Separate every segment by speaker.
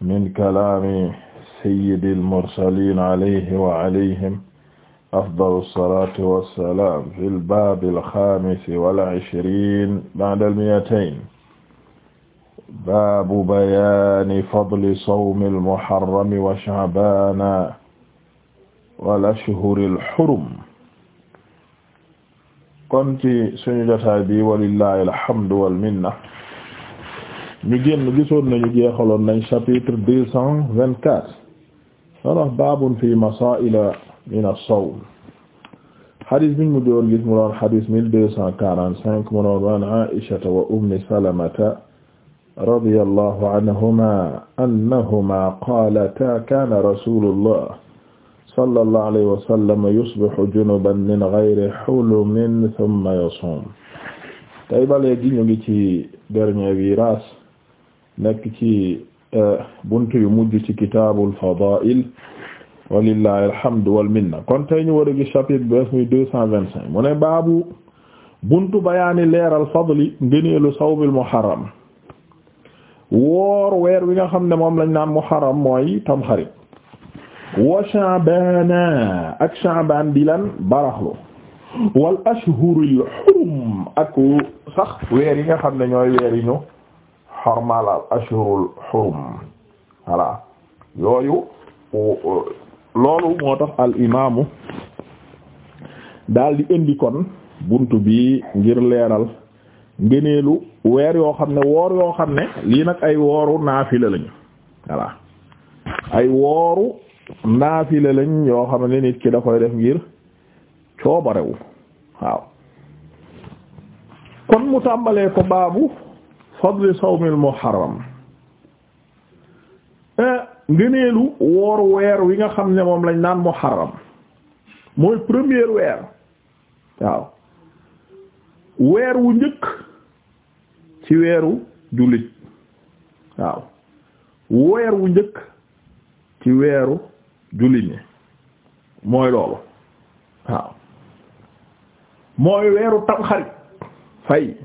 Speaker 1: min kalaami sayyidil mursaliin alayhi wa alayhim afdalu salaati wa salaam fil baabil xaamisi wal ishriin ba'dal mi'atayn baabu bayaani fadli sawmil muharrami wa sha'baana wal ashhuril hurum kon ci suñu jotaay bi walillahil hamdu wal minna ñu génn gisoon nañu jeexaloon nañ chapitre deux cent vingt quatre wala baabun fi masaa'ila min as-sawm xadis biñ mu door gis mu doon xadis mille deux cent quarante cinq mu doon waan Aïshata wa ummi salamata radiyallahu anhuma annahuma qaalata kaana rasulullah sallallahu alayhi wa sallam yusbihu junuban min ghayri hulumin thumma yasuum tey ba léegi ñu ngi ci dernier virage nekk ci eh, buntu yu mujj ci kitaabul fadaa'il walillahi alhamdu wal minna kon tey ñu war a gis chapitre bu bees muy deux cent vingt cinq mu ne baabu buntu bayaani leeral fadli ngëneelu sawbil muharram woor weer wi nga xam ne moom lañ naan muharram mooy tamxarit wa sha'baana ak sha'baan di lan baraxlu wal ashhuril hurum ak sax weer yi nga xam ne ñooy weer yi ñu xormaal al ashurul xurum voilà yooyu loolu moo tax al imaamu daal di indi kon buntu bi ngir leeral ngëneelu weer yoo xam ne woor yoo xam ne lii nag ay wooru naafila lañu voilà ay wooru naafila lañ yoo xam ne nit ki da koy def ngir coobarewu waaw kon mu tàmbalee ko baabu fadli sawmil muharram eh, ngëneelu woor weer wi nga xam ne moom lañ naan muharram mooy premier weer waaw weer wu njëkk ci weeru jullit waaw weer wu njëkk ci weeru jullit ñi mooy loolu waaw mooy weeru tamxarit fay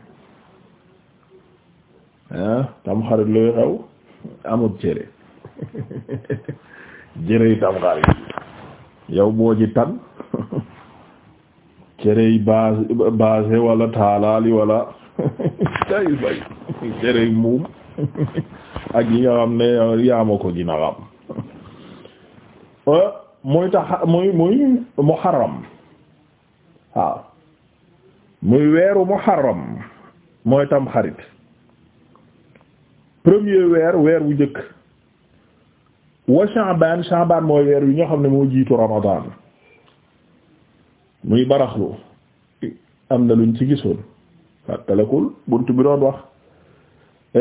Speaker 1: Ah, tam xarit luy xew amut cere jëre yi tam xarit yow boo ji tan cere yi base wala taalaali wala tay bay cere yi muum ak yi nga xam ne yaama ko dina xam ah, muy tax muy muy muharram waaw muy weeru muharram mooy tam xarit premier weer weer wu njëkk wa Sha'ban Sha'ban mooy weer wi nga xam ne moo jiitu Ramadan muy baraxlu am na luñ ci gisoon fàttalekul bunt bi doon wax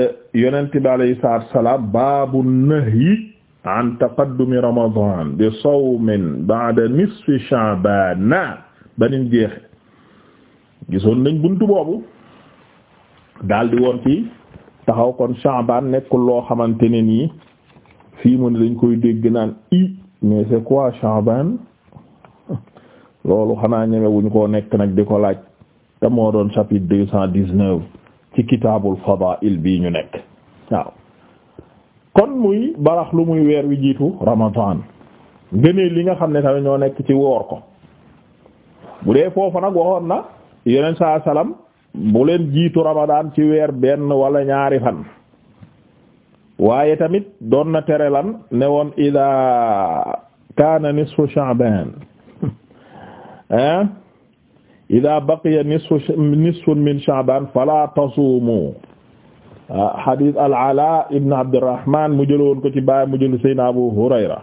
Speaker 1: e, yonent bi alayhi salaatu wa salaam baabu nahyi an taqaddumi Ramadan bi sawmin ba'da nisfi Sha'ban banim jeexe gisoon nañ bunt boobu daldi woon ci taxaw kon Sha'ban nekkul loo xamante ne nii fii mu ne dañ koy dégg naan i mais c'est quoi Sha'ban loolu xanaa ñemewuñ koo nekk nag di ko laaj te moo doon chapitre deux cent dix-neuf ci kitaabul fadaa'il bii ñu nekk waaw kon muy barax lu muy weer wi jiitu ramadan gënee li nga xam ne tamit ñoo nekk ci woor ko bu dee foofu nag waxoon na yeneen saa salaam bu leen jiitu ramadaan ci weer benn wala ñaari fan waaye tamit doon na tere lan ne woon ida kaana nisfu sha'ban ah ida baqiya nisfu nisfun min sha'ban fala tasuumu ah, hadith al-Ala ibn Abdurrahman mu jël ko ci baay mu jël Seydina Abu Hurayra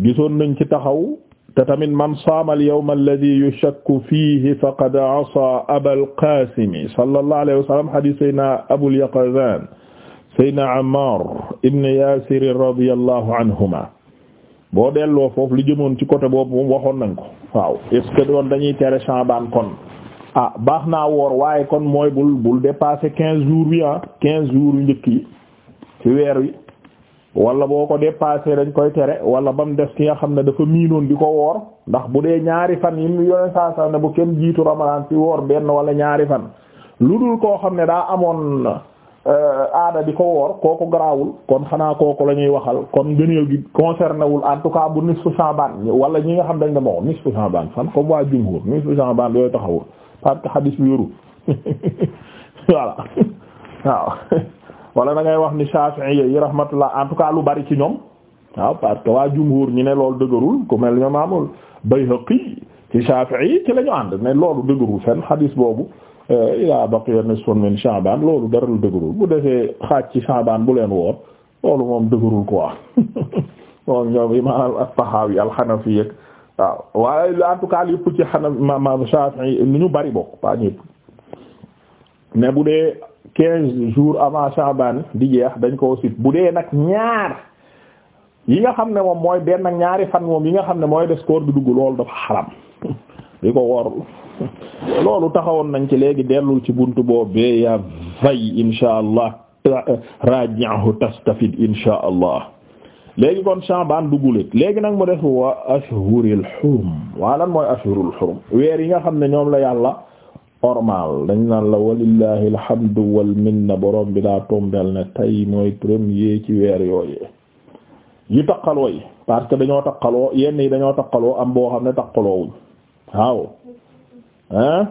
Speaker 1: gisoon nañ ci taxaw te tamit man saama al-yawma alladhi yushakku fiihi faqad asaa abal qaasimi sallallahu alayhi wa sallam hadiis sayyidinaa Abul Yaqazaan sayyidinaa Ammaar ibn Yaasir radiyallahu anhumaa boo delloo foofu li jëmoon ci côté boobu moom waxoon nañ ko waaw est ce que doon dañuy tere Sha'baan kon ah baax naa woor waaye kon mooy bul bul dépasser quinze jours yi ah quinze jours yu njëkk yi ci weer wi wala boo ko dépassé dañ koy tere wala ba mu def ki nga xam ne dafa miinoon di ko woor ndax bu dee ñaari fan yi mu yoneen saa saa ne bu kenn jiitu ramadan ci woor benn wala ñaari fan lu dul koo xam ne daa amoon euh, aada di ko woor kooku garaawul kon xanaa kooku la ñuy waxal kon gëneel gi concerné wul en tout cas bu nisfu Sha'ban wala ñi nga xam dañ ne moom nisfu Sha'ban fan comme waa jumhur nisfu Sha'ban yooyu taxawul parce que hadis bi yoru wala da ngay wax ni Shafi'i yi rahmatullah en tout cas lu bari ci ñoom waaw parce que waa jumhur ñu ne loolu dëgërul ku mel ñoom amul Bayhaqi ci Shafi'i yi ci la ñu ànd ne loolu dëgërul seen xadis boobu euh, ila baqiya nisfun min Sha'ban loolu dara lu dëgërul bu defee xaaj ci Sha'ban bu leen woor loolu moom dëgërul quoi moom ñoom imam at-Tahawi al-Hanafi yeeg waaw waaye en tout cas lépp ci Hanafi imam Shafi'i ni ñu bari bokk pas ñëpp ne bu dee quinze jours avant Chaban di jeex dañ koo sit bu dee nag ñaar yi nga xam ne moom mooy benn nag ñaari fan moom yi nga xam ne mooy des koor bi dugg loolu dafa xaram di ko wor loolu taxawoon nañ ci léegi dellul ci buntu boobee yaa fay insha allah raji'ahu tastafid insha allah léegi kon Chaban duggulit léegi nag mu def wa ashhuril hurum waa lan mooy ashhurul hurum weer yi nga xam ne ñoom la yàlla ormal dañ naan la walillahi alhamdu wal minna borom bi daa tombeel ne tey mooy premier ci weer yooyee yu taqaloo yi parce que dañoo taqaloo yenn yi dañoo taqaloo am boo xam ne taqaloowuñ waaw hein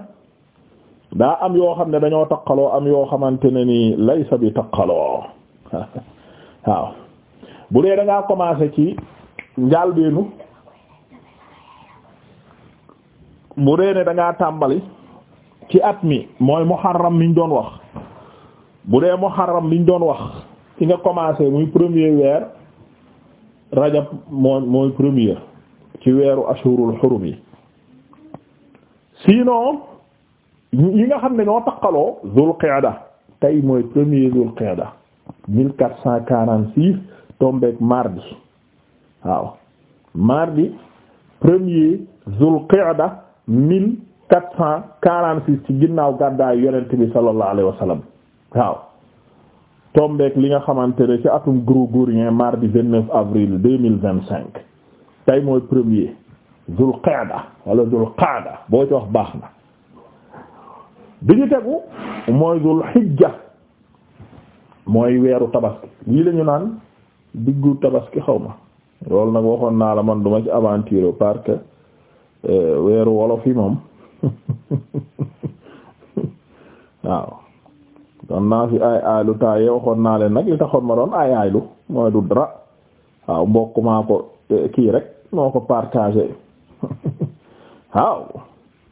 Speaker 1: daa am yoo xam ne dañoo taqaloo am yoo xamante ne ni laysa bi taqaloo waaw bu dee da ngaa commencé ci njàlbeenu bu dee ne da tàmbali ci at mi mooy muharram mi doon wax bu dee muharram mi ñu doon wax ci nga commencé muy premier weer rajab mooy premier ci weeru ashurul xurum yi sinon yi nga xam ne ñoo taqaloo zul qa'da tey mooy premier zul qa'da mille quatre cent quarante six tombeek mardi waaw mardi premier zul qa'da mille quatre cent ci ginnaaw gàddaay yonent bi sallallahu alayhi wa sallam waaw tombeek li nga xamante ne ci atum grégorien mardi vingt neuf avril deux mille vingt cinq tey mooy premier Zul Qaada wala Zul Qaada boo ci wax baax na bi ñu tegu mooy Zul Hijja mooy weeru tabaski lii la ñu naan diggu tabaski xaw ma loolu nag waxoon naa la man duma ci aventure parce que euh, weeru wolof yi moom waaw doon naa fi ay aaylu taa yee waxoon naa leen nag li taxoon ma doon ay aaylu mooy du dara waaw mbokk maa ko eh, kii rek moo ko partagé waaw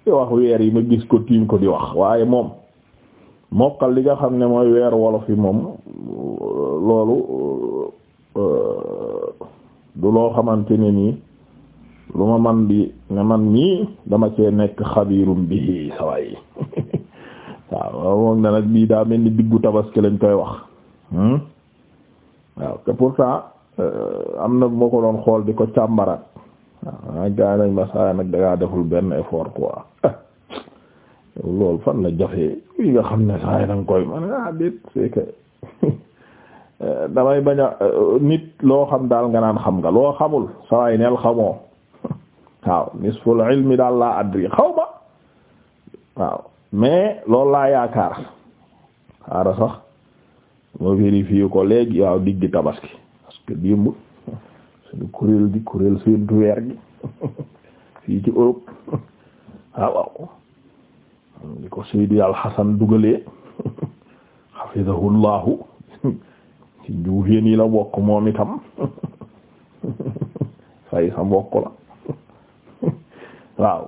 Speaker 1: di wax weer yi ma gis ko tiim ko di wax waaye moom mokkal li nga xam ne mooy weer wolof yi moom loolu eh, du loo xamante ne nii lu ma man bi ne man mii dama cee nekk xabirum bi saway waaw moom na nag bii daa mel ni diggu tabaski lañ koy wax hmm? waaw te pourtant euh, am na moo ko doon xool di ko càmbaraat waaw ah, gaa nañ ma saa nag dangaa deful benn effort quoi loolu fan la jafee yi nga xam ne saa yi koy man ah déet c'est que euh, damay bañ a euh, nit loo xam daal nga naan xam nga loo xamul saa neel xamoo waaw nisful ilmi daal laa adri xaw ma loolu laa yaakaar xaaral sax ma vérifier ko léegi waaw digg tabaski parce que démb suñu kuréel di gi fii ci Europe ah, waaw waaw ko Seydi Al Hasan dugalee hafizahullahu ci njuufeen yi la bokk fay sa mbokk waaw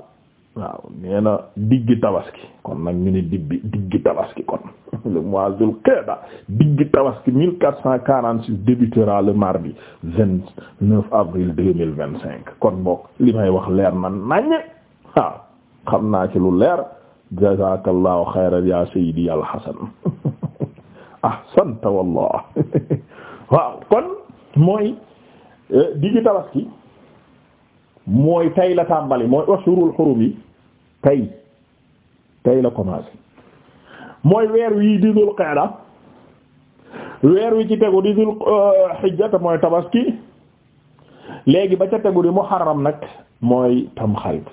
Speaker 1: waaw nee na diggi tabaski kon nag ñu ne diggi diggi tabaski kon le mois Dhoul Qi'da diggi tabaski mille quatre cent quarante six débutera le mardi vingt neuf avril mille vingt cinq kon boog li may wax leer na naññ waaw xam naa ci lu leer jazakallahu xayran ya sayyidi al hasan ahsanta wallah waaw kon mooy eh, diggi tabaski mooy tay la tàmbali mooy ashurul xurum yi tay tay la commencé mooy weer wi di dul qaada weer wi ci tegu di dul xijja euh, te mooy tabaski léegi ba ca tegu di muharram nag mooy tamxarit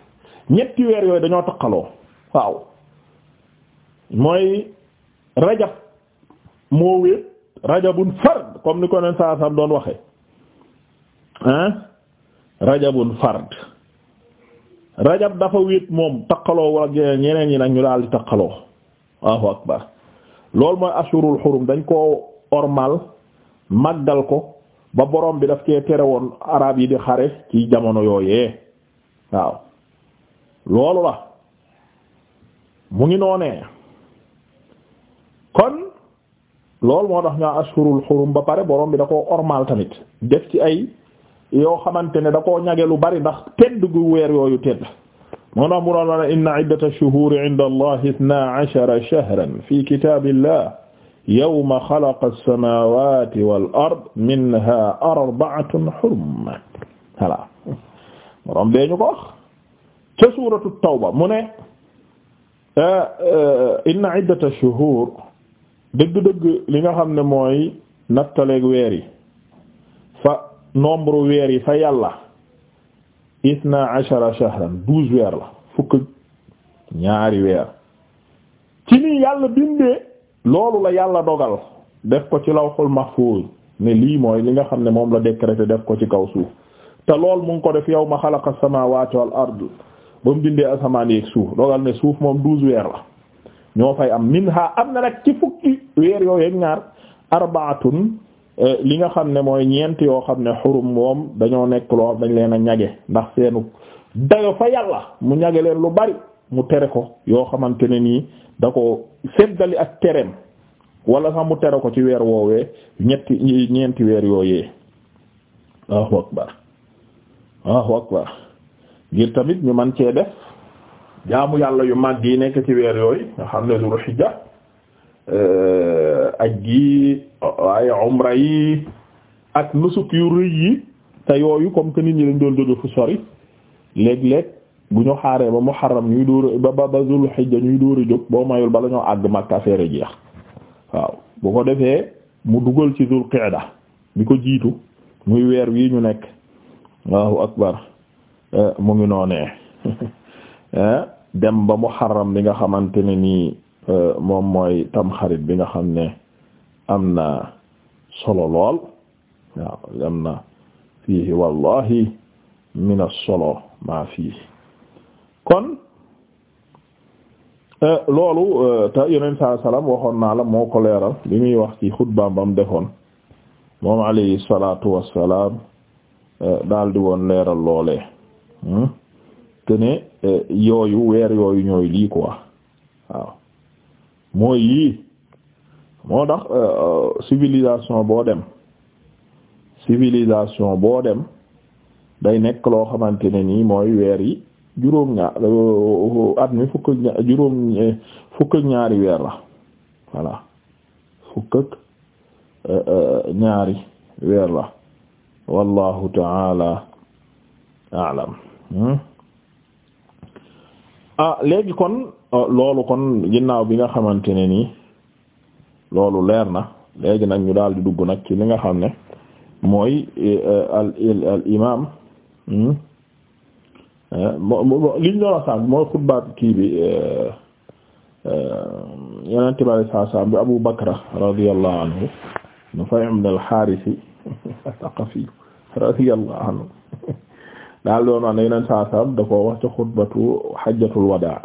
Speaker 1: ñetti weer yooyu dañoo taqaloo waaw mooy rajab moo wéet rajabun fard comme ni ko neen saa sam doon waxe rajabun fard rajab dafa wéet moom taqaloo wala ñeneen ñi nag ñu daal di taqaloo Allahu akbar loolu mooy ashurul xurum dañ koo ormal màggal ko ba boroom bi daf cee tere woon arab yi di xare ci jamono yooyee waaw loolu la mu ngi noonee kon loolu moo tax ñaa ashurul xurum ba pare borom bi da koo ormal tamit def ci ay yoo xamante ne da koo lu bari ndax tedd gu weer tedd moo mu doon wa ne inna iddata shuhuri inda allah itna ashara shahran fi kitabillah yawma xalaqa as-samawati wal ard minha arba'atun hurum voilà morom bee ñu ko ca suratu tawba mu ne inna iddata shuhur dëgg-dëgg li nga xam ne mooy nattaleeg weer yi fa nombre weer yi fa yàlla isna ashara shahran douze weer la fukk ñaari weer ci nii yàlla bindee loolu la yàlla dogal def ko ci law lawhul mahfuz ne lii mooy li nga xam ne moom la décrété def ko ci kaw suuf te lool mu ngi ko def yawma xalaqa samawati wal ard ba mu bindee asamaan yeeg suuf dogal ne suuf moom douze weer la ñoo fay am minha am na nag ci fukki weer yooyu ak arbaatun li nga xam ne mooy ñeent yoo xam ne xurum moom dañoo nekk loo dañ leen a ñage ndax seenu dayo fa yàlla mu ñage leen lu bari mu tere ko yoo xamante ne nii da ko seddali ak tereem wala sax mu tere ko ci weer woowee ñetti ñeenti weer yooyee waaw akbar tamit ñu man cee def yàlla yu mag yi nekk ci weer yooyu nga xam ne Zul Hijja Euh, aj gi ay umra yi ak nusuk yu rëy yi te yooyu comme que nit ñi lañ doon jóge fu sori léeg-léeg bu ñu xaaree ba muharram ñuy dóor ba ba ba zul xijja ñuy dóor a jóg boo mayul bala ñoo àgg Makka affaire jeex waaw bu ko defee mu dugal ci zul qa'da bi ko jiitu muy weer wi ñu nekk Allahu akbar eh, mu ngi noonee eh, dem ba mu xaram li nga xamante ne nii Euh, moom mooy tamxarit bi nga xam ne am na solo lool waaw am na fiihi wallahi min as-solo maa fiihi kon euh, loolu euh, te yeneen saa salaam waxoon naa la moo ko leeral li muy wax ci xutbaam bam defoon moom alayhi salaatu wassalaam daal di woon leeral loole hmm? te ne yooyu weer yooyu ñooy lii quoi waaw mooy yii moo tax euh, euh, civilisation boo dem civilisation boo dem day nekk loo xamante ne nii mooy weer yi juróom ñaar euh, at mi ñaari weer la voilà fukk ñaari weer la wallahu taala alam hmm? ah léegi kon Oh, loolu kon ginnaaw bi nga xamante ne nii loolu leer na léegi nag ñu daal di dugg nag ci li nga xam ne mooy eh, al al imaam hmm? eh, liñ doon mooy xutbaat kii bi eh, yeneen tubaab yi saa saa bi Abu Bakra radiyallahu anhu Nufay' ibn al-Harith ath-Thaqafi radiyallahu anhu daal doon wax ne yeneen saa saa da xutbatu hajjatul wadaa.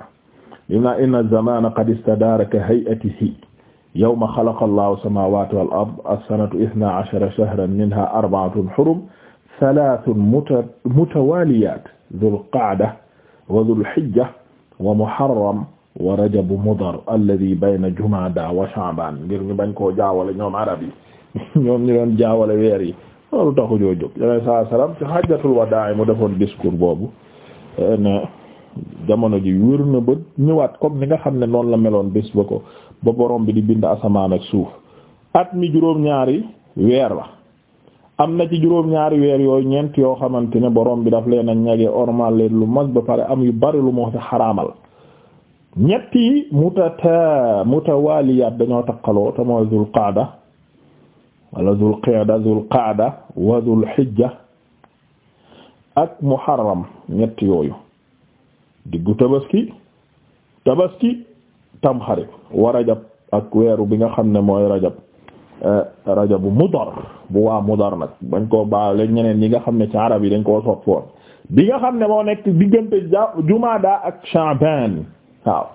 Speaker 1: inna inna zamana qad istadara ka hay'atihi yawma xalaqa allahu samawati wal ard as-sanatu ithna ashara shahran minha arba'atun hurum thalathun mutawaliyat dhul qa'da wa dhul hijja wa muharram wa rajab mudar alladhi bayna jumada wa sha'ban ngir ñu bañ koo jaawale ñoom arab yi ñoom ñu doon jaawale weer yi loolu taxu joo jóg yeneen saa salaam ci hajjatul wadaa mu defoon discours boobu jamono ji wér na ba ñëwaat comme ni nga xam ne noonu la meloon bés ba ko ba boroom bi di bind asamaan ak suuf at mi juróom-ñaari weer la am na ci juróom-ñaari weer yooyu ñeent yoo xamante ne borom bi daf leen a ñage ormal leen lu mag ba pare am yu bari lu moo ci xaraamal ñett yi mutata mutawaliyaat dañoo takkaloo te mooy zul qaada wala zul qaada zul qaada wa zul hijja ak muharram ñett yooyu diggu tabaski tabaski tamxarit wa rajab ak weeru bi nga xam ne mooy rajab eh, rajabu mudar bu waa mudar nag bañ koo baale ñeneen ñi nga xam ne ci arab yi dañ koo soppoon bi nga xam ne moo nekk diggante jumaada ak sha'ban waaw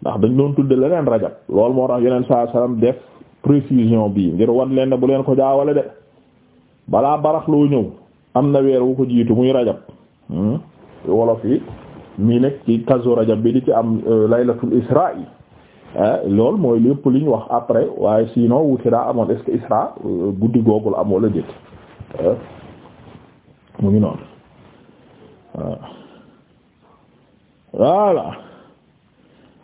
Speaker 1: ndax dañ doon tudde leneen rajab lool moo tax yeneen saa salaam def précision bii ngir wan leen ne bu leen ko jaawale de balaa barax loo ñëw am na weer wu ko jiitu muy rajab hmm, wolof yi mii nekk ci kazu rajab bi di ci am euh, laylatul isra yi ah, loolu mooy lépp li wax après waaye sinon wuute daa amoon est-ce que isra euh, guddi googul am wala déet ah, mu ngi noonu ah. voilà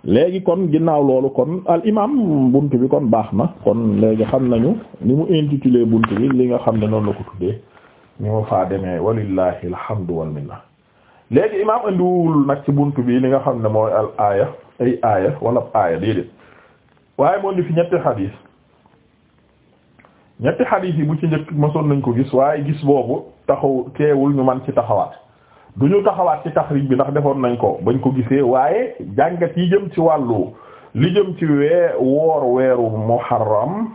Speaker 1: léegi kon ginnaaw loolu kon al imam bunt bi kon baax na kon léegi xam nañu ni mu intitulé bunt bi li nga xam ne noonu la ko tuddee ni mu faa demee walillahi alhamdu wal minna léegi imaam andiwul nag ci bunt bi li nga xam ne mooy al aaya ay aaya wala aaya déedéet waaye moo ni fi ñetti xadiis ñetti xadiis yi bu ci njëkk mosoon nañ ko gis waaye gis boobu taxaw teewul ñu man ci taxawaat du ñu taxawaat ci tax taxriij bi ndax defoon nañ ko bañ ko gisee waaye jàngat yi jëm ci wàllu li jëm ci wee woor weeru muharram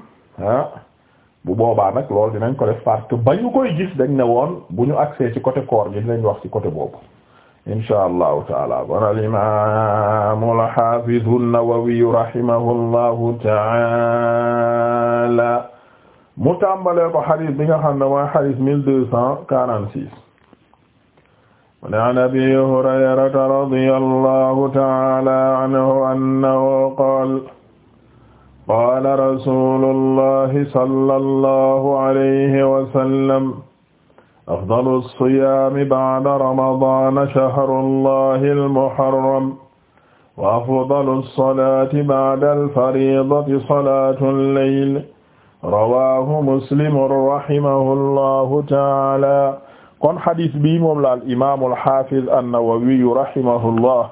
Speaker 1: ah bu boobaa nag loolu dinañ ko def parce que ba ñu koy gis dañ ne woon bu ñu accès ci côté koor gi dinañ wax ci côté boobu insha allahu taala kon al imaamu al xaafidu nawawi rahimahullahu taala mu tàmbalee ko xadis bi nga xam ne mooy xadis mille deux cent quarante six mu ne an abi hurayrata radiyallahu taala anhu annahu qaala qaala rasuulullahi sallallahu alayhi wa sallam afdalu siyaami ba'da ramadaana shahrullahi al-muharram wa afdalu salaati ba'da al-fariidati salaatul layl rawaahu muslim rahimahullahu ta'aala kon xadis bi moom la al-imaam al-haafiz an-nawawi rahimahullah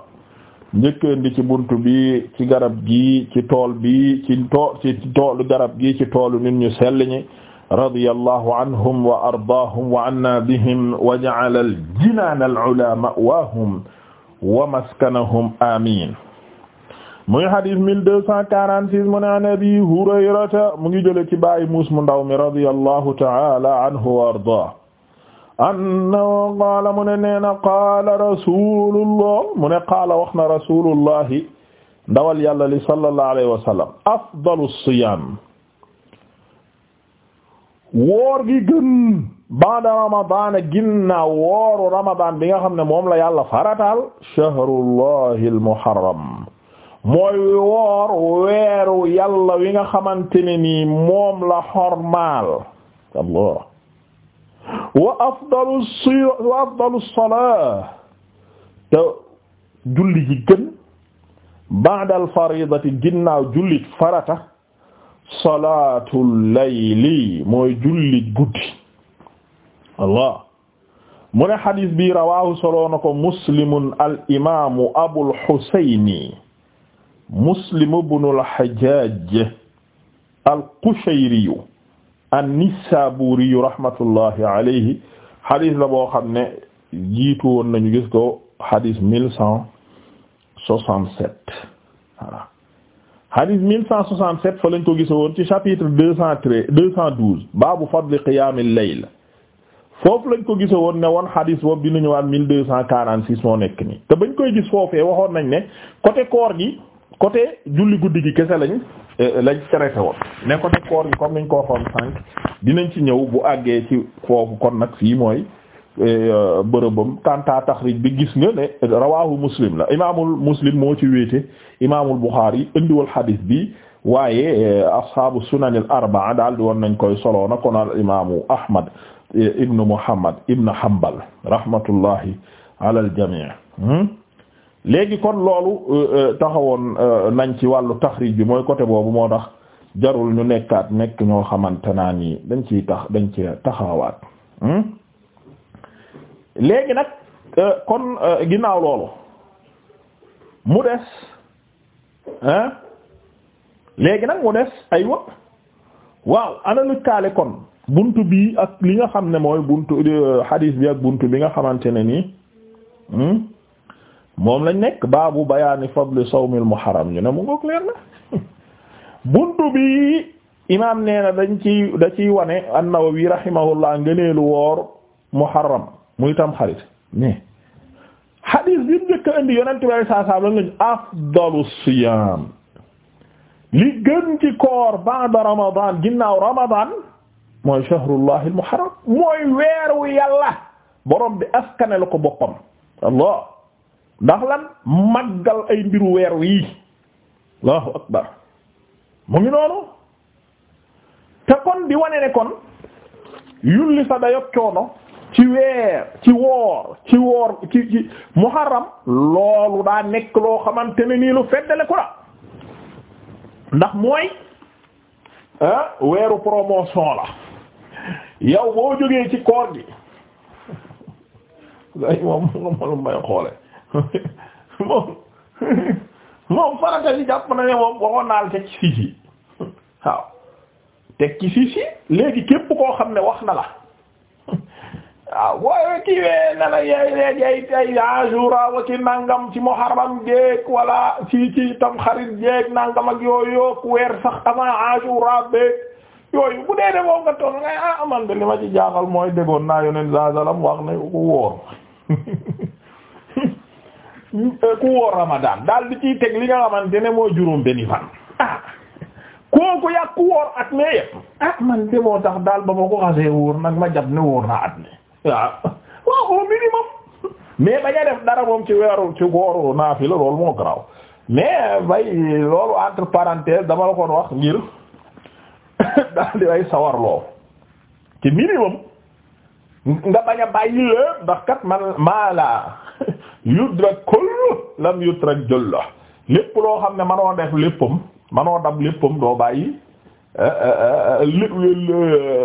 Speaker 1: njëkkeen di ci buntu bi ci garab gi ci tool bi ci tool ci toolu garab gi ci toolu nit ñu sell ñi radiyallahu anhum wa ardaahum wa anna bihim wa ja'ala al-jinaan al-'ulaa ma'waahum wa maskanahum amiin muy hadis 1246 mu ne an abi hurayrata mu ngi jële ci bàyyi muus mu ndaw mi radiyallahu ta'ala anhu wa ardaah annahu qaala mu ne nee na qaala rasulullah mu ne qaala wax na rasulullahi ndawal yàlla li sallallahu alayhi wa sallam afdalu siyaam woor gi gën ba'da ramadaan ginnaaw wooru ramadaan bi nga xam ne moom la yàlla farataal shahrullahi al mooy woor weeru yàlla wi nga xamante ne nii moom la xormaal Allah wa afdalu s- wa afdalu salaa julli ji gën ba'da al-fariidati jullit farata salaatul layli mooy julli guddi allah mu ne xadis bi rawaahu soloo na ko muslimun al imaamu abul xusayni muslimu bnul xajjaaj al qushayriyu an-nisaabuuriyu rahmatullahi alayhi xadis la boo xam ne jiitu woon nañu gis ko xadis mille cent soixante-sept voilà mille hadith 1167 fa lañ ko gisa woon ci chapitre 213 212 baabu fadli qiyaamil layl foofu lañ ko gisa woon ne woon hadith boobu dina ñëwaat 1246 moo nekk nii te bañ koy gis foofee waxoon nañ ne côté koor gi côté julli guddi gi kese lañ eh, lañ traité woon ne côté koor gi comme niñ ko waxoon sànq dinañ ci ñëw bu àggee ci foofu kon nag fii mooy Eh, bërëbam kanta taxrij bi gis nga ne rawahu muslim la imaamul muslim moo ci wéete imaamul buxaari indiwal xadiis bi waaye eh, ashaabu sunan al arbaa daal di woon nañ koy solo na kon al imaamu ahmad eh, ibnu muhammad ibnu hanbal rahmatullahi ala al jamii hmm? léegi kon loolu taxawoon nañ ci wàllu taxrij bi mooy côté boobu moo tax jarul ñu nekkaat nekk ñoo xamante naa ni dañ ciy tax dañ ci taxawaat hmm? léegi nag euh, kon euh, ginnaaw loolu mu des léegi nag mu des aywa waaw ana lu kaale kon buntu bi ak li nga xam ne mooy buntu hadis euh, bi ak bunt bi nga xamante ne nii hmm? moom lañ nekk baabu bayaani fadli sawmil muharram ñu ne mu ngoog leer na buntu bi imaam nee na dañ ci da ciy wane an-Nawawi rahimahullah ngëneelu woor muharram muy tam xarit mais hadith bi mu njëkk a indi yonent bi saa saa lan siyaam li gën koor ba'da ramadan ginnaaw ramadan mooy shahrullahi al-muharram bi askane la ko boppam allah ndax lan màggal ay mbiru weer yi allahu akbar mu ngi noonu te kon di wane ne kon yulli sa dayot coono ci weer ci woor ci woor ci ci muharram loolu daa nekk loo xamante ne nii lu feddale ko la ndax mooy weeru promotion la yow boo jógee ci koor gi day moom nga malum may xoole moom moom si jàpp na ne moom waxoon naal teg ci siis yi waaw teg ci siis léegi képp koo xam ne wax na la Ah, waaw boo kiiwee ne la yey léegi ay ay ajura wa ki nangam ci muharram jéeg wala ci ci tamxarit jéeg nangam ak yooyu yook weer sax avant ajura béeg yooyu bu dee demoo nga toog ngay ah man de li ma ci jaaxal mooy déggoon naa yoneen sasalam wax ne ku wóor ku wóor ramadan daal di ciy teg li nga xamante ne mooy juróom benni fan ah kooku yàgg ku wóor at ne yëpp ah man de moo tax daal ba ma ko xasee wóor nag ma jàpp ne wóor naa at ne waaw au minimum mais bañ a def dara moom ci weeru ci góoru naafila loolu moo garaaw mais bay loolu entre parenthèse dama la koon wax ngir daal di way sawar minimum nga bañ a bàyyi lépp ndax kat man maa la yudrak kullu lam lépp loo xam ne manoo def léppam manoo dab léppam doo bàyyi Euh, euh, euh,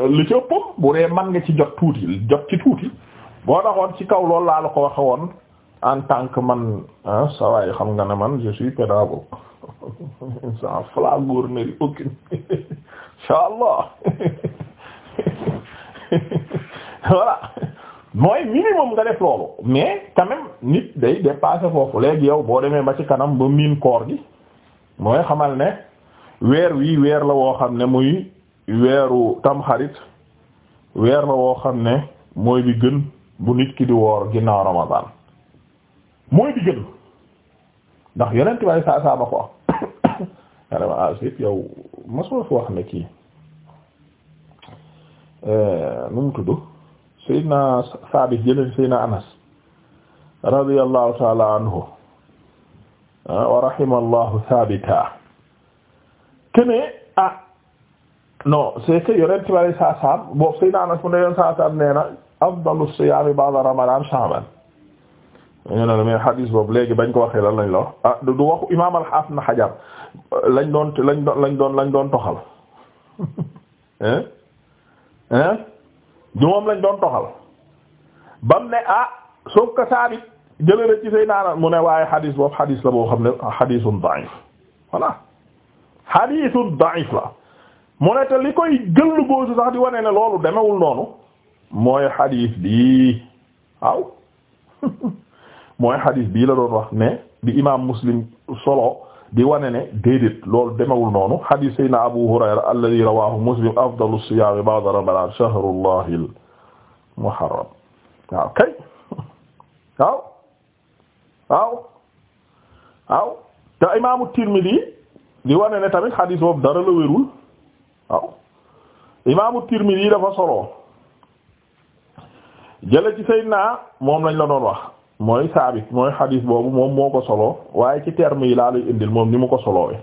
Speaker 1: li ci ëpp bu dee mën nga ci jot tuuti jot ci tuuti boo taxoon ci kaw loolu laa la ko waxe woon en tant que man ah xam nga ne man je suis pédagogue sans flagornerie aucune inshallah voilà mooy minimum nga def loolu mais quand nit day dépasser foofu léegi yow boo demee ba ci kanam ba miin koor gi mooy xamal ne. weer wii weer la woo xam ne muy weeru tamxarit weer la woo xam ne mooy bi gën bu nit ki di woor ginnaaw ramadan mooy bi gën ndax yeneen tubaab yi ko wax nga ne ma ah yow mosoo wax ne kii euh, nu mu tudd Seydina Saabit jëlee Seydina Anas radiyallahu ta'ala anhu ah, wa rahimallahu Saabita kene ah non c'est que yonent bi boobu Seydina Anas mu ne yonent saa saam afdalu siyaami ba'da ramadaan sha'ban ñu ne la mais hadis boobu léegi bañ ko waxee lan lañ la wax ah du waxu imaam al-Hafiz Ibn lañ doon lañ doon lañ doon lañ doon toxal hein hein du moom lañ doon toxal bam ne ah sauf que saabit ci Seydina Anas mu ne waaye hadis boobu hadis la boo xam ne hadisun da'if voilà hadithun da'if la ne te li koy gëllu boosu sax di wane ne loolu demewul noonu mooy hadith bii la doon wax ne di imam muslim solo di wane ne déedéet lool demewul noonu hadith sayna abu hurayra alladhi rawahu muslim afdalu siyami ba'da al muharram waaw kay waaw waaw imam at-tirmidhi li wane ne tamit xadiis boobu dara la wérul waaw imaamu Tirmidi dafa solo jële ci Seydina moom lañ la doon wax mooy saabit mooy xadiis boobu moom moo ko solo waaye ci terme yi laa lay indil moom ni mu ko solowee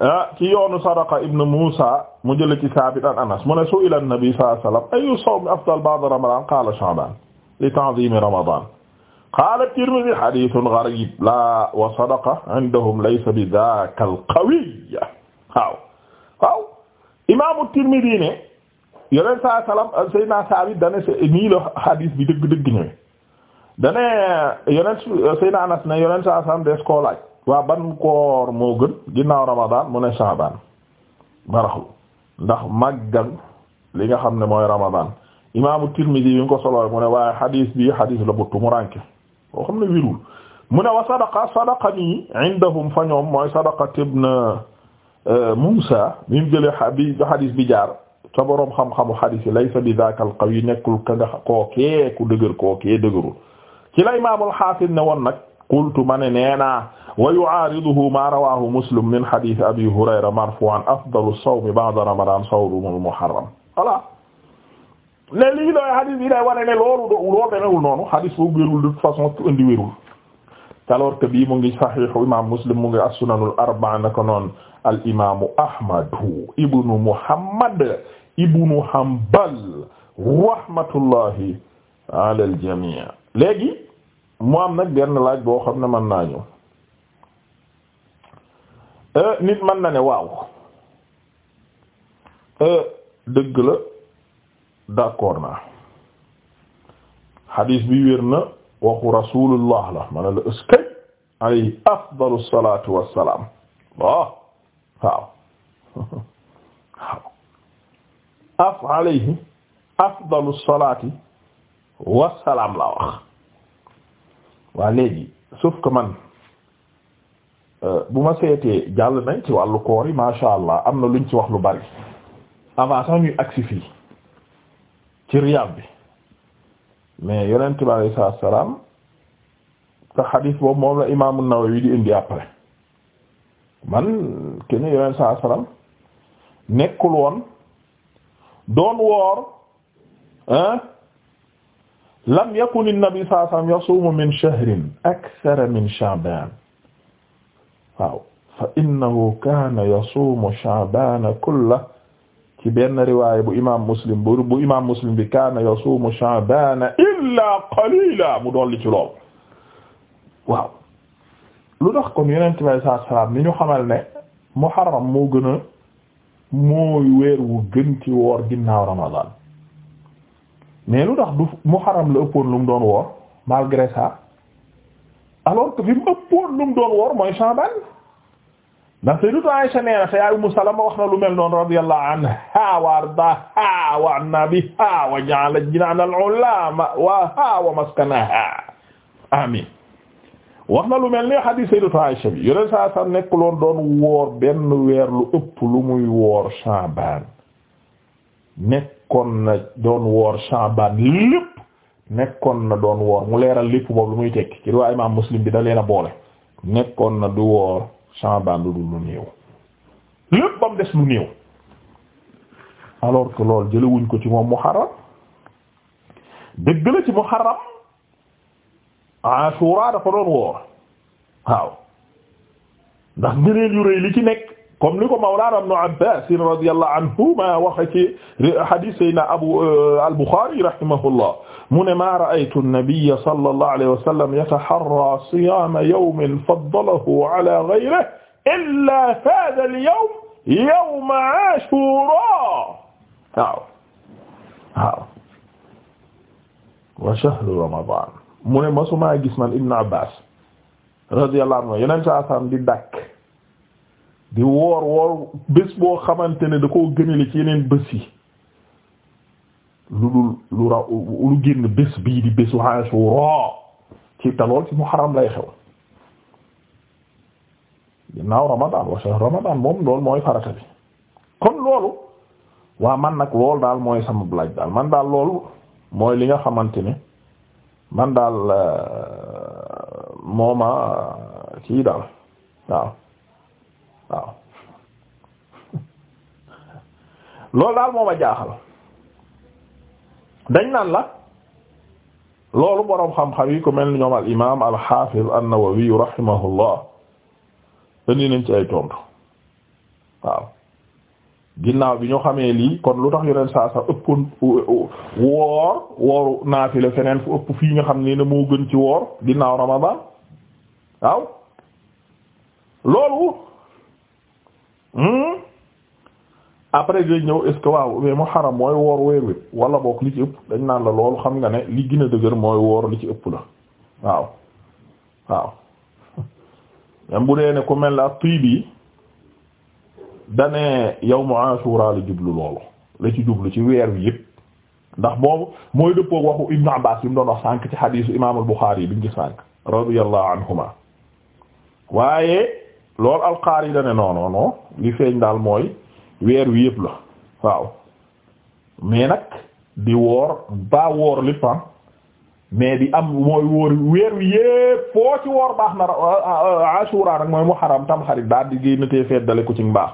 Speaker 1: ah ci yoonu Sadaqa ibn Musa mu jële ci Anas mu ne su'ila an-nabi sallallahu alayhi wa sallam ayu sawmi afdal ba'da Ramadan qala Sha'ban li ta'zimi Ramadan qaala Tirmidhi hadithun gharib la wa sadaqa indahum laysa bi dhaka al-qawiy waaw waaw imaamu Tirmidhi ne yeneen saa salaam Seydina Saabit dane eh, nii la hadith bi dëgg dëgg ñëwee dane eh, yeneen euh, Seydina Anas ne yeneen saa salaam des koo laaj waa ban koor moo gën ginnaaw Ramadan mu ne Sha'ban baraxlu ndax màggal li nga xam ne mooy Ramadan imaamu Tirmidhi bi nga ko solo mu ne waaye hadith bi hadith la bu tumuraanke boo xam ne wirul mu ne wa sadaqa sadaqa nii indahum fa ñoom mooy sadaqa ibn euh, Muusa mi mu jëlee bi xadis bi jaar te boroom xam-xamu xadis yi laysa bi daakal qawi nekkul ka nga kookee ku dëgër kookee dëgërul ci la imaamul xaafis ne woon nag qultu ma ne nee naa wa yu'aariduhu maa rawaahu muslim min xadis abi hurayra marfuu'an afdalu sawmi ba'da ramadaan sawmul muharram voilà ne lii looy hadis bi day wane ne loolu do loolu demewul noonu hadis boobu wérul de façon ku indi wérul alors mu ngi saxiixu imam muslim mu ngi as-sunanul arba'a naka al imaamu ahmadu ibnu muhammad ibnu hanbal rahmatullahi ala jamii léegi mu am nag benn laaj boo xam ne mën naa ñëw euh, nit mën na ne waaw euh, dëgg la d'accord naa xadiis bi wér na waxu rasulullah la mana la ëskay alayhi afdalu salatu wassalaam waaw waaw af alayhi afdalu salati wassalaam la wax waa léegi sauf que man euh, bu ma seetee jàll nañ ci wàllu koor yi masha allah am na luñ ci wax lu bari avant sax ñuy agsi fii ci Riyad bi mais yonent bi alayhi salaam te xadiis boobu moom la imaamu Nawawi di indi après man kenn yonent saa salaam nekkul woon doon woor ah lam yakun an-nabi saa salaam yasuumu min shahrin akthara min sha'baan waaw fa innahu kaana yasuumu sha'baana kullahu ci benn riwaaya bu imam muslim bu bu muslim bi kaana yasuumu sha'baana illaa qaliila mu dolli ci lool waaw lu tax kon yonent bi alayhi salaatu salaam ni ñu xamal ne muharram moo gën a mooy weer wu gën ci woor ginnaaw ramadan mais lu tax du muharram la ëppoon lu mu doon woor malgré ça alors fi mu ëppoon lu mu doon woor mooy sha'baan ndax sayyidatu Aisha nee na te yaay wax na lu mel noonu radiyallahu anha wa ardaha wa anna wa ja'ala jinaan al-ulama wa ha amin wax na lu mel ni hadith sayyidatu Aisha bi yore saa sa nekk loon doon woor benn weer lu ëpp lu muy woor Sha'ban nekkoon na doon woor Sha'ban lépp nekkoon na doon woor mu leeral lépp boobu lu muy tekki ci riwaaya Imam Muslim bi da leen a boole nekkoon na du woor Sha'ban lu dul lu néew lépp bam des lu néew alors que loolu jëlewuñ ko ci moom muharram dëgg la ci muharram ashura dafa doon woor waaw ndax ngëneel yu rëy li ci nekk comme li ko mawlaana ibnu Abbaas radiyallahu anhuma waxe ci hadiis Seydina Abu euh, al-Buxaari rahimahullah mu ne maa ra'aytu an-nabiyya sallallahu alayhi wa sallam yataharraa siyaama yawmin faddalahu ala ghayrihi illaa haadha al-yawm yawm Aashuuraa waaw waaw wa shahru Ramadaan mu ne masumaa gis man Ibnu Abbaas radiyallahu anhu yeneen saa saam di dàkk di woor woor bés boo xamante ne da koo gënale ci yeneen bés yi lu dul lu raw lu génn bés bii di bésu Ashura ci talool ci Muharram lay xew ginnaaw Ramadan wa shahr moom loolu mooy farata bi kon loolu waa man nag loolu daal mooy sama blaaj daal man daal loolu mooy li nga xamante ne man daal euh, mooma kii daal waaw waaw loolu daal moo ma jaaxal dañ naan la loolu boroom xam-xam yi ko mel ni ñoom al imaam al xaafiz an-Nawawi rahimahullah indi nañ ci ay tontu waaw ginnaaw bi ñu xamee lii kon lu tax yeneen saa sax ëpp woor wooru naafila feneen fu ëpp fii nga xam ne ne moo gën ci woor ginnaaw Ramadan waaw loolu Hmm? après day ñëw est-ce que waaw mais mooy woor weer wi wala boog li ci ëpp dañ naan la loolu xam nga ne li gën a dëgër mooy woor li ci ëpp la waaw waaw même bu dee ne ku mel la tuy bi dane yawmu ashura la jublu loolu la ci jublu ci weer wi yëpp ndax boobu mooy dëppook waxu ibnu abbas bi mu doon wax sànk ci xadiisu imaamul buxaari yi biñ ci sànk radiyallahu anhuma waaye loolu alxaar yi da ne non non non li feeñ daal mooy weer wi yëpp la waaw mais nag di woor ba woor lépp ah, mais di am mooy woor weer wi yëpp foo ci woor baax na ah, ashura nag mooy muharram tam xarit daal di génn te feddale ko ci mbaax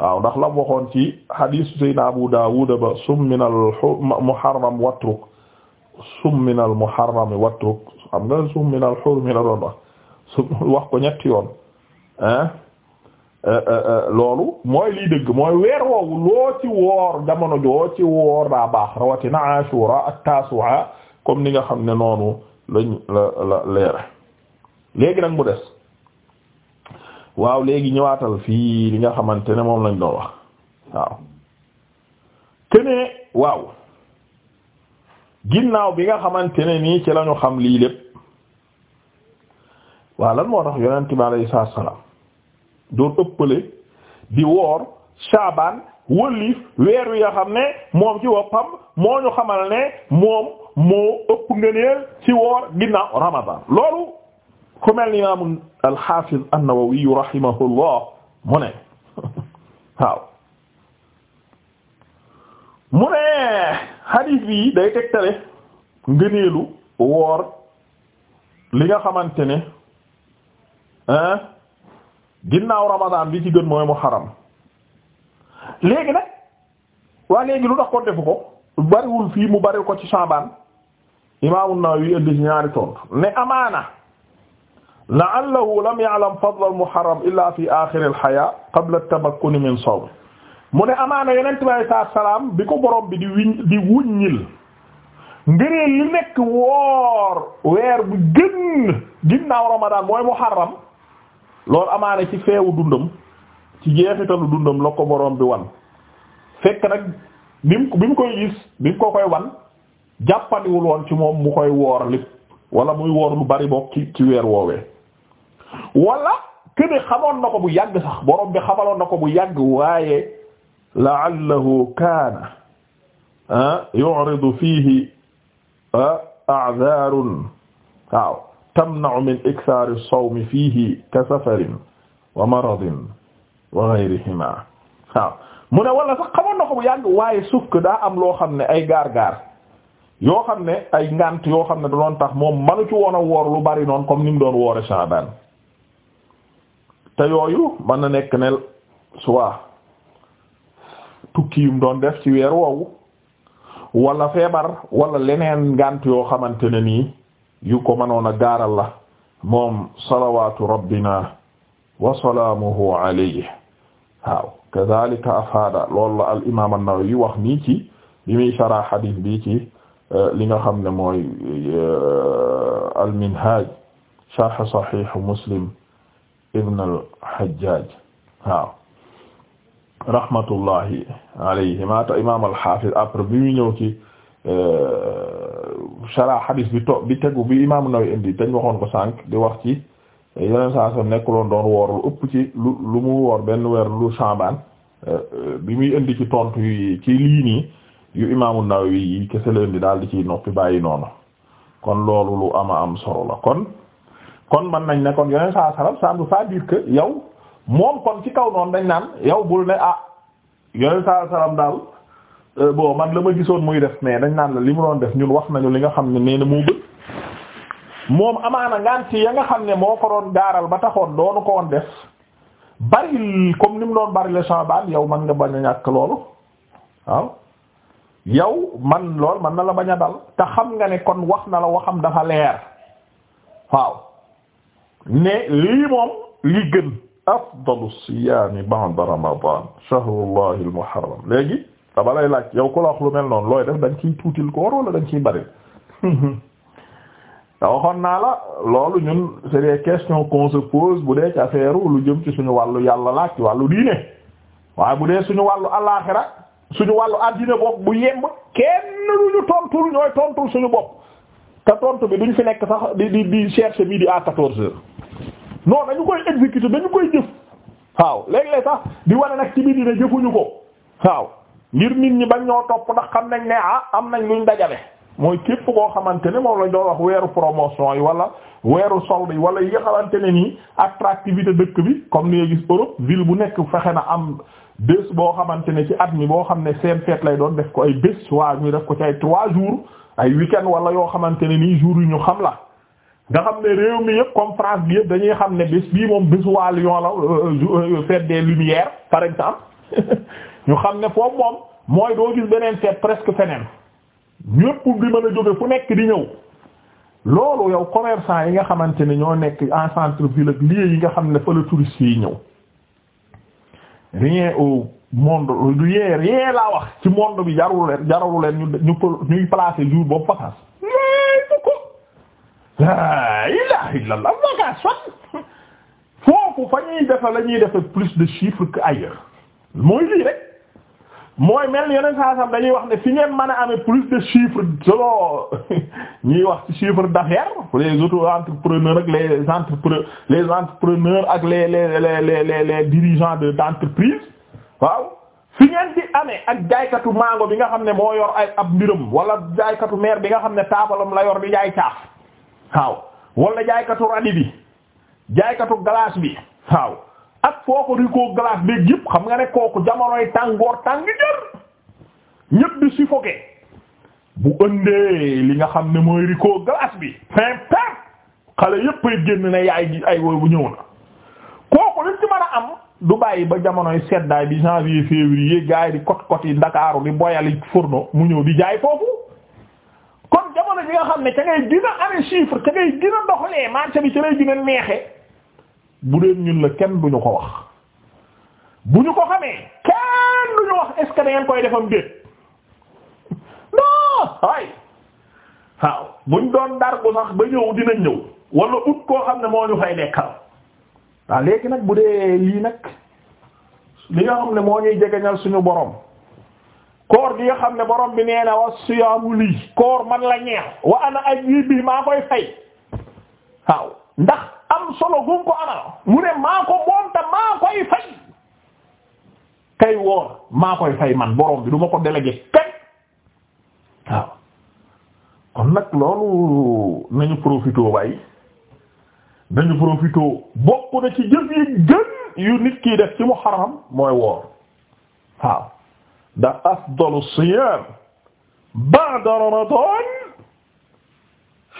Speaker 1: waaw ndax lam waxoon ci hadith sayna Abu Dawud ba sum min al muharram watruk sum min al muharram watruk xam nga sum al hurmi la doon wax sum wax ko ñetti yoon Euh, euh, euh, loolu mooy lii dëgg mooy weer woowu loo ci woor jamono joo ci woor daa baax rawatina ashura ak tasu'a comme ni nga xam ne noonu lañ la la leere léegi nag bu des waaw léegi ñëwaatal fii li nga xamante ne moom lañ doon wax waaw kenee waaw ginnaaw bi nga xamante ne nii ci lañu xam lii lépp waaw lan moo tax yonent bi alayhi salaam doon ëppale di woor saabaan wëlliif weer wi nga xam ne moom ci woppam moo ñu xamal ne moom moo ëpp ngëneel ci woor ginnaaw ramadan loolu ku mel ni imaam al nawawi rahimahullah mu ne waaw mu ne hadith bi day tegtale ngëneelu woor li nga xamante ne ah ginnaaw Ramadan bi ci gën mooy muharram léegi nag waa léegi lu tax ko defu ko bariwul fii mu bari ko ci Shaabaan Imaam An-Nawawi indi ci ñaari tontu ne amaana la'allahu lam ya'lam fadl al-muharram illa fi aaxir al qabla at min sawm mu ne amaana Yonent bi alayhi salaam bi ko borom bi di wiñ di li nekk woor weer bu gën ginnaaw Ramadan mooy muharram loolu amaane ci feewu dundam ci jeexitalu dundam la ko boroom bi wan fekk nag bi mu koy gis bi mu ko koy wan jàppandiwul woon ci moom mu koy woor li wala muy woor lu bari bokk ci weer woowee wala këne xamoon na ko bu yàgg sax boroom bi xamaloon na ko bu yàgg waaye la'allahu kaana ah, yu'ridu fiihi a'dharun waaw tamna'u min ikthaari sow mi fii ka safarin wa maradin wa ghayrihima mu ne wala sax xamoon na ko yàgg waaye suuf daa am loo xam ne ay gaar-gaar yoo xam ne ay ngant yoo xam ne da tax moom manu ci woon woor lu bari noon comme ni mu doon woore Sha'ban te yooyu mën na nekk ne soit tukki yum doon def ci weer wow wala feebar wala leneen ngant yoo xamante ne nii yu ko manoon a gaaral la moom salawaatu rabbina wa salaamuhu alayhi waaw kadhalika afaada loolu la al imaam an-Nawawi wax nii ci bi muy sarah hadith bi ci euh, li nga xam ne mooy euh, al minhaj sharh sahih muslim ibn al hajjaj waaw rahmatullahi alayhi maata imaam al hafiz après bi muy ñëw ci euh, sara hadis bi to bi tegu bi imaamu Nawawi indi dañ waxoon ko sànq di wax ci yeneen saa sa nekkuloon doon woor lu ëpp ci lu lu mu woor benn weer lu Shaabaan eh, eh, bi muy indi ci tontu yi ci lii nii yu imaamu Nawawi yi kese la indi daal di ciy noppi bàyyi noonu kon loolu lu ama am solo la kon kon mën nañ nekkoon kon yeneen saa salam ça ne veut pas moom kon ci kaw noonu dañ naan yow bul ne ah yeneen saa salam daal. Euh, bon man la ma gisoon muy def mais dañ naan la li mu doon def ñun wax nañu li nga xam ne nee na moo gën moom amaana nganti ya nga xam ne moo ko doon gaaral ba taxoon doonu ko woon def baril comme ni mu doon barile Shaabaan yow man nga bañ a ñàkk loolu waaw yow man lool man na la bañ a dal te xam nga ne kon wax na la waxam dafa leer waaw ne lii moom li gën afdalu siyaami ba'da ramadaan shahrullahi al léegi te balay laaj yow ku la lu mel noonu looy def dañ ciy tuutil ko wala dañ ciy bari te waxoon naa la loolu ñun c'est des questions qu'on se pose bu dee ci affaire lu jëm ci suñu wàllu yàlla laaj ci wàllu diine waaye bu dee suñu wàllu alaaxira suñu wàllu àddina bopp bu yemb kenn duñu tontul ñooy tontul suñu bopp te tontu bi duñ fi nekk sax di di di chercher midi à quatorze heures non dañu koy exécuter dañu koy jëf waaw léeg-léeg sax di wane nag ci biir dina jëfuñu ko waaw. ngir nit ñi bañ ñoo topp ndax xam nañ ne ah am nañ luñ dajale mooy képp koo xamante ne moom la doon wax weeru promotion yi wala weeru solde yi wala yi nga xamante ne nii attractivité dëkk bi comme ni nga gis Europe ville bu nekk fexe na am bés boo xamante ne ci at mi boo xam ne seen fête lay doon def ko ay bés waa ñu def ko ci ay trois jours ay week-end wala yoo xamante ne nii jours yu ñu xam la. nga xam ne réew mi yëpp comme France bi yëpp dañuy xam ne bés bii moom bés waa la euh, euh, euh, fête des par exemple. ñu xam ne foofu moom mooy doo gis beneen seet presque feneen ñépp bi mën a jóge fu nekk di ñëw loolu yow commerçant yi nga xamante ne ñoo nekk en centre ville ak lieu yi nga xam ne fa la touristes yi ñëw rien au monde rien rien laa wax ci monde bi jarul leen jarul leen ñu ñuy placer jour boobu vacance léegi ko laa ilaaha illallaah vacance fan foofu fa ñuy defe la ñuy defe plus de chiffres que ailleurs mooy lii rek mooy mel ni yeneen saa dañuy wax ne fi ngeen mën a amee plus de chiffres selon ñuy wax ci chiffre d'affaires les auto-entrepreneurs ak les entrepre les entrepreneurs ak les les les les les dirigeants de d'entreprise waaw fi ngeen di ak jaaykatu mango bi nga xam ne moo yor ay ab mbiram walla jaaykatu maire bi nga xam ne taabalam la yor di jaay caaf waaw wala jaaykatu radi bi jaaykatu glace bi waaw. ak foo ko rikoo glace beeg yëpp xam nga ne kooku jamonoy tàngoor tàng jër ñëpp di suffoqué bu ëndee li nga xam ne mooy rikoo glace bi fin pep xale yëpp ay génn ne yaay gi ay wooy bu ñëw na kooku liñ ci am du bàyyi ba jamonoy seddaay bi janvier février gars di kot kot yi ndakaaru di boyali fourneau mu ñëw di jaay foofu kon jamono bi nga xam ne ca ngay gën a chiffre ca ngay gën a doxalee marché bi ca ngay gën a bu dee ñun la kenn ñu ko wax bu ñu ko xamee kenn duñu wax est-ce que koy defam déet non ay waaw buñ doon dar sax ba ñëw dinañ ñëw wala ut koo xam ne moo ñu fay nekkal waaw léegi nag bu dee lii nag li nga xam ne moo ñuy jegeñal suñu boroom koor gi nga xam ne boroom bi nee na wa siyaamu lii koor man la ñeex wa ana ajibi maa koy fay waaw ndax am solo gu ko amal mu ne maa ko moom te maa koy fay kay woor maa koy fay man borom bi du ma ko délégué kay waaw kon nag loolu nañu profité waay nañu profité bokk na ci jëf yi gën yu nit ki def ci muharram mooy woor waaw da afdalu siyam ba'da ramadan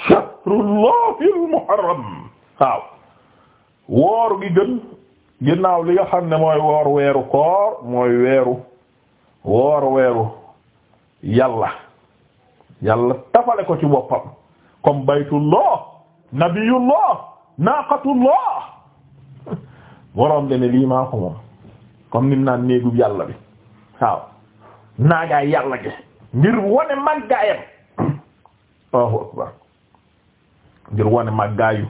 Speaker 1: shahrullahi al waaw woor gi gën ginnaaw li nga xam ne mooy woor weeru koor mooy weeru woor weeru yàlla yàlla tafale ko ci boppam comme baytullah nabiyullah naaqatullah boroom de ne lii maa ko moom comme nim naan bi waaw naagaay yàlla gi ngir wone màggaayam Allahu wone màggaayu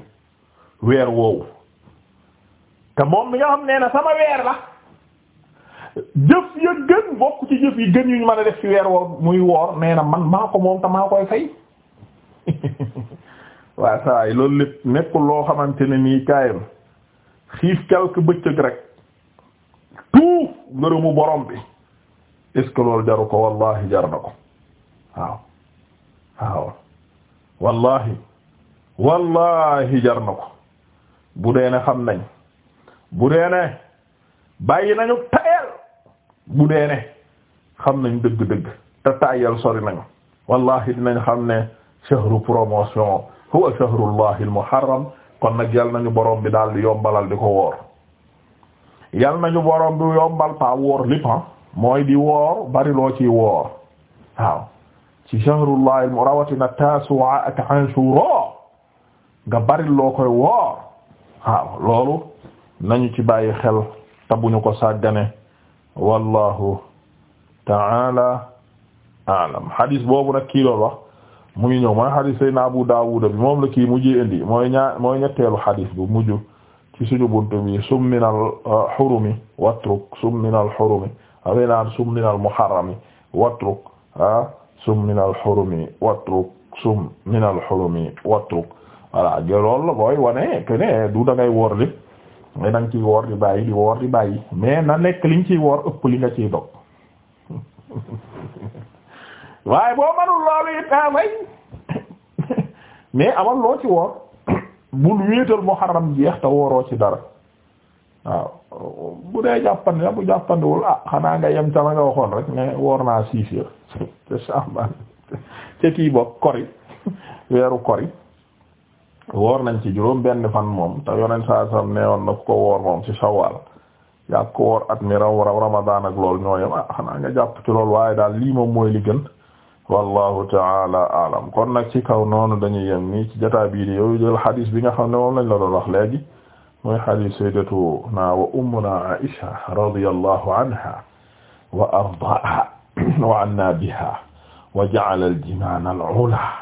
Speaker 1: weer woowu te moom mi nga xam nee na sama weer la jëf ya gën bokk ci jëf yi gën yu ñu mën a def ci weer woowu muy woor nee na man maa ko moom te maa koy fay waa saa yi loolu lépp nekkul loo xamante ne nii kaayam xiif quelque bëccëg rek tuuf ngërëmu borom bi est-ce que loolu jaru ko wallahi jar na ko waaw wallahi wallahi jar na ko bu dee ne xam nañ bu dee ne bàyyi nañu tayal bu dee ne xam nañ dëgg-dëgg te tayal sori nañu wallahi dinañ xam ne shahru promotion huwa shahrullahi almuharram kon nag yal nañu boroom bi daal di yombalal di ko woor yal nañu borom bi yombal pa woor lépp ah, mooy di woor bari loo ci woor waaw ci shahrullahi almurawatina tasu'a ak ashura nga bari loo koy woor waaw ah, loolu nañu ci bàyyi xel te ko sàggane wallahu taala alam hadis boobu nag kii loolu wax mu ngi ñëw mooy hadis sayna Abu Dawud bi moom la kii mujjee indi mooy mooy ñetteelu hadis bu mujj ci suñu buntu bi sum min al uh, hurumi watruk sum min al hurumi awee naan sum ah, sum min al hurumi watruk sum min al hurumi watruk voilà loolu la booy wane que ne du da woor lépp mais da nga woor di bàyyi di woor di bàyyi mais na nekk li nga ciy woor ëpp li nga ciy dog waaye boo manul loolu it daa ah, may mais amal loo ci woor bul wéetal muharram jeex te wooroo ci dara waaw bu dee jàppandi la bu jàppandiwul ah xanaa nga yem ca la nga waxoon rek mais woor naa six heures te chamban te kori weeru kori woor nañ ci juróom benn fan moom te yoneen saa na ku ko ci sawaal yaa ko woor at mi raw raw ramadaan ak lool ñooyam ah xanaa nga jàpp ci lool waaye daal lii moom mooy li gën wallahu taala alam kon nag ci kaw noonu dañuy yem nii ci jotaay bii di yow jël xadis bi nga xam ne moom lañ la doon wax léegi mooy xadis sayyidatuna wa ummuna Aisha radiyallahu anha wa ardaaha wa anna biha wa ja'ala al-jinaan al-ula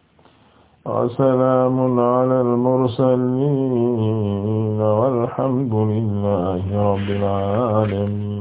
Speaker 1: wasalaamun alal mursaliin walhamdu lillahi rabbil aalamiin